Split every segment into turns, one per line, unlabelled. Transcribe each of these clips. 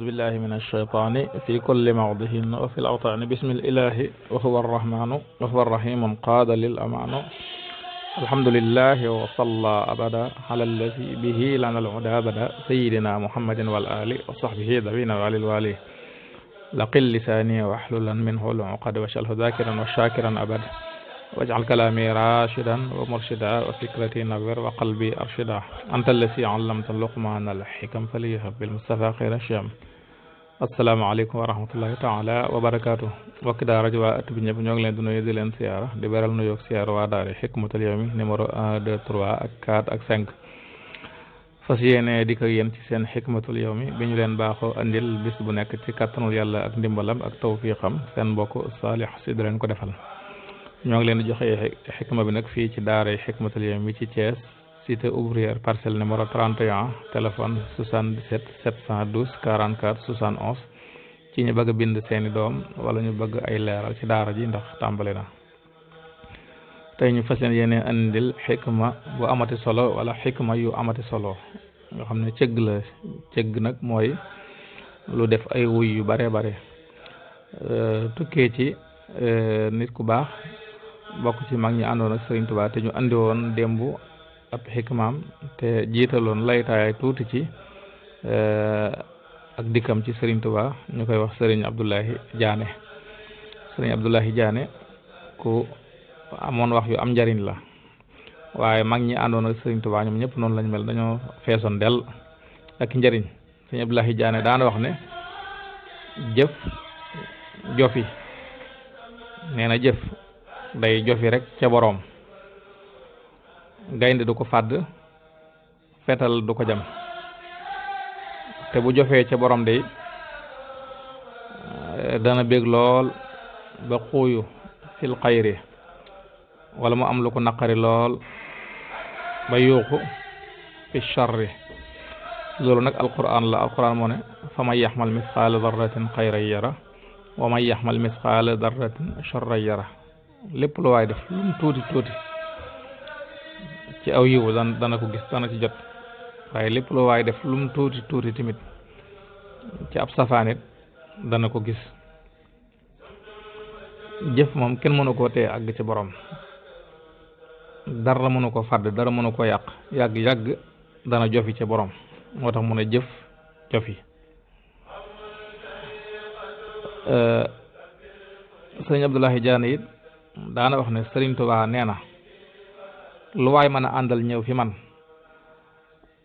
أعوذ بالله من الشيطان في كل موضه وفي الأوطان بسم الإله وهو الرحمن وهو الرحيم قاد للأمان الحمد لله وصلى أبدا على الذي به لنا العدى بدا سيدنا محمد والآل وصحبه ذوين وعلى الوالي لقل لساني واحللا منه العقد واشاله ذاكرا وشاكرا أبدا واجعل كلامي راشدا ومرشدا وفكرتي نور وقلبي أرشدا أنت الذي علمت لقمان الحكم فليهب بالمصطفى خير الشام asalaamaaleykum wa rahmatullahi taala wa barakaatu mbokki daara ji waa at bi ñëpp ñoo ngi leen di nuyu di leen siyaara di beral nuyoo siyaara waa daara Hikmatul Yawmi numéro un deux trois ak quatre ak cinq fas yéene di ko yéen ci seen Hikmatul Yawmi bi ñu leen baaxoo andil bis bu nekk ci kattanul yàlla ak ndimbalam ak tawfiqam seen mbokk Saalix si di leen ko defal ñoo ngi leen di joxe xikma bi nag fii ci daara Hikmatul Yawmi ci Thiès cité ouvrière parcelle numéro 31 téléphone 77 712 44 71 ci ñu bëgg bind seeni doom wala ñu bëgg ay leeral ci daara ji ndax tàmbali na tey ñu fas leen yéene andil xikma bu amati solo wala xikma yu amati solo nga xam ne cëgg la cëgg nag mooy lu def ay wuy yu bare bare euh, tukkee ci euh, nit ku baax bokk ci mag ñi àndoon ak Sëriñ te ñu andi woon démb ab xikmaam te jiitaloon laytaay tuuti ci e, ak dikkam ci Serigne Touba ñu koy wax sëriñ Abdoulahi Diané Serigne Abdoulahi jaane ku amoon wax yu am njariñ la waaye mag ñi àndoon ak Serigne Touba ñoom ñëpp noonu lañ mel dañoo feesoon del ak njariñ Serigne Abdoulahi jaane daana wax ne jëf jofi nee jëf day jofi rek ca boroom gaynde du ko fàdd fetal du ko jam te bu jofee ca borom de eh, dana bég lool ba xuuyu fil xayri wala mu am lu ko naqari lool ba yuuxu fi charri loolu nag alquran la alquran moo ne fa man yaxmal misqaala darratin xayran yara wa man yaxmal misqaala darratin charran yara lépp lu waay def lu mu tuuti tuuti ci aw yiwu dana dana ko gis dana ci jot waaye lépp lu waaye def lum tuuti tuuti tamit ci ab safaanit dana ko gis jëf moom kenn mënu koo téye àgg ci borom dara mënu ko fàdd dara mënu ko yàq yàgg yàgg dana jofi ci boroom moo tax mën a jëf jofi sëriñ Abdoulahi Diané it daana wax ne sëriñ Tuubaa nee na lu waay mën a àndal ñëw fi man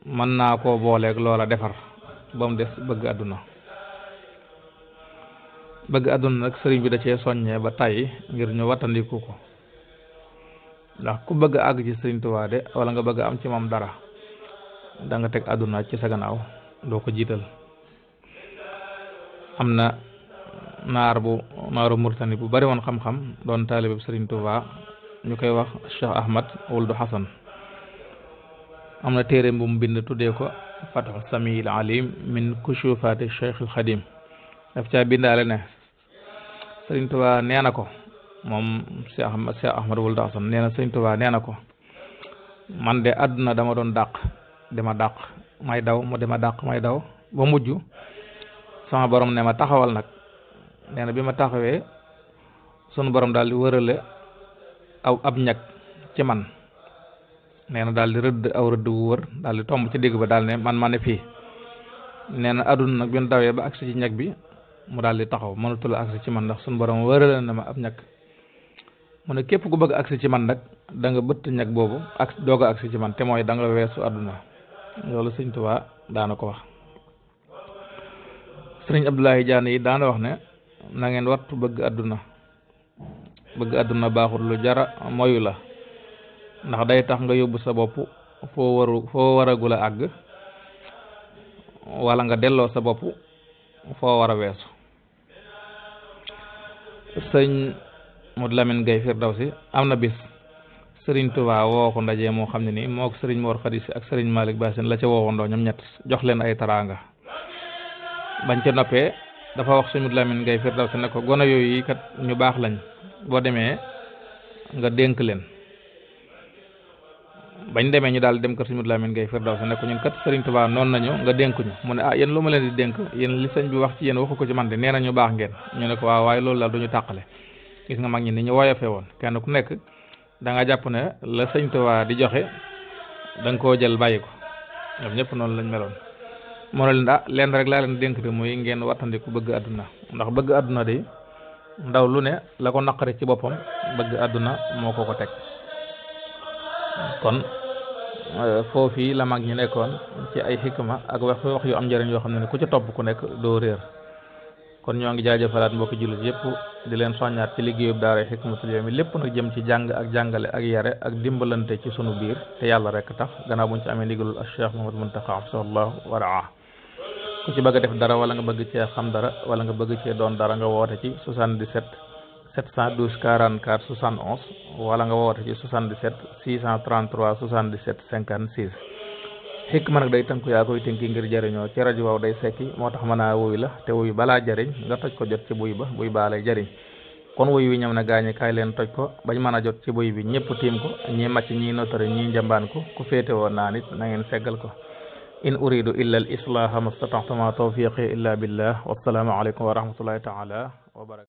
mën naa koo booleek loola defar ba mu des bëgg àdduna bëgg àdduna nag sëriñ bi da cee soññee ba tàyyi ngir ñu wattandiku ko ndax ku bëgg àgg ci sëriñ Tuubaa de wala nga bëgg am ci moom dara danga teg àdduna ci sa gannaaw doo ko jiital am na naar bu naaru murtani bu bari woon xam-xam doon taalibe sëriñ Tuubaa ñu koy wax Cheikh Ahmad Wuld Hasan am na téere bu mu bind tuddee ko Fathu Samiil Alim min kushufaati Cheikh al Xadim daf caa bindaale ne Sëriñ Tuubaa nee na ko moom Cheikh Ahmad Cheikh Ahmad Wuld na Sëriñ Tuubaa nee na ko man de àdduna dama doon dàq dama dàq may daw mu dama dàq may daw ba mujj sama borom ne ma taxawal nag nee na bi ma taxawee daal di wërale aw ab ñag ci man nee na daal di rëdd aw rëdd wu wër daal tomb ci digg ba daal ne man ma ne fii nee na aduna nag bi ñu dawee ba agsi ci ñag bi mu daal di taxaw mënatul agsi ci man ndax suñu borom wërale na ma ab ñag mu ne képp ku bëgg agsi ci man nag danga bëtt ñag boobu ak doog a agsi ci man te mooy da nga weesu aduna loolu sëñ Tuubaa daana ko wax sëriñ Abdoulaye Diané yi daana wax ne na ngeen wattu bëgg aduna bëgg àdduna baaxul lu jara moyu la ndax day tax nga yóbbu sa bopp foo waru foo waragul a àgg wala nga delloo sa bopp foo war a weesu sëñ Mod Lamin Gay Firdawsi am na bis sëriñ Tuubaa woo ko ndaje moo xam ne nii moo ko sëriñ Mor Xadisi ak sëriñ Malik Basin la ci woowandoo ñoom ñett jox leen ay taraanga bañ ca noppee dafa wax sëñ Mod Lamin Gay Firdawsi ne ko gone yooyu yi kat ñu baax lañ boo demee nga dénk leen bañ demee ñu daal dem kër Sëriñ Modou Lamine Gueye Firdaws ne ko ñun kat Sëriñ Tuubaa noon nañu nga dénk ñu mu ne ah yéen lu ma leen di dénk yéen li sëñ bi wax ci yéen waxu ko ci man de nee nañu baax ngeen ñu ne ko waaw waaye loolu du ñu tàqale gis nga mag ñi ni ñu woyofee woon kenn ku nekk da jàpp ne la sëñ Tuubaa di joxe da koo jël bàyyi ko ñoom ñëpp noonu lañ meloon moo ne leen ah leen rek laa leen dénk de muy ngeen wattandiku bëgg àdduna ndax bëgg àdduna de ndaw lu ne la ko naqari ci boppam bëgg àdduna moo ko ko teg kon euh, foofii la mag ñi nekkoon ci ay xikma ak wax wax yu am njariñ yoo xam ne ku ci topp ku nekk doo réer kon ñoo ngi jaajëfalaat mbokki jullit yépp di leen soññaat ci liggéeyub daara Hikmatul Yawmi lépp nag jëm ci jàng ak jàngale ak yare ak dimbalante ci sunu biir te yàlla rekk tax gannaaw buñ ci amee ndigalul Cheikh Mouhamadou Mountakha sallallahu wa ku ci bëgg a def dara wala nga bëgg cee xam dara wala nga bëgg cee doon dara nga woote ci 77 712 44 71 wala nga woote ci 77 633 77 56. xikma a day tënku yaa koy tënki ngir jariñoo ci rajo waaw day sekki moo tax mën naa wuy la te wuy balaa jariñ nga toj ko jot ci buy ba buy baa lay jariñ kon wuy wi ñam na gaañi kaay leen toj ko bañ mën a jot ci buy bi ñëpp tiim ko ñi màcc ñi notari ñii njambaan ko ku féete woon naa nit na ngeen seggal ko in uridu illa al islaha mastata'tu ma tawfiqi illa billah wassalaamu aleykum wa rahmatullahi taala wa barakatu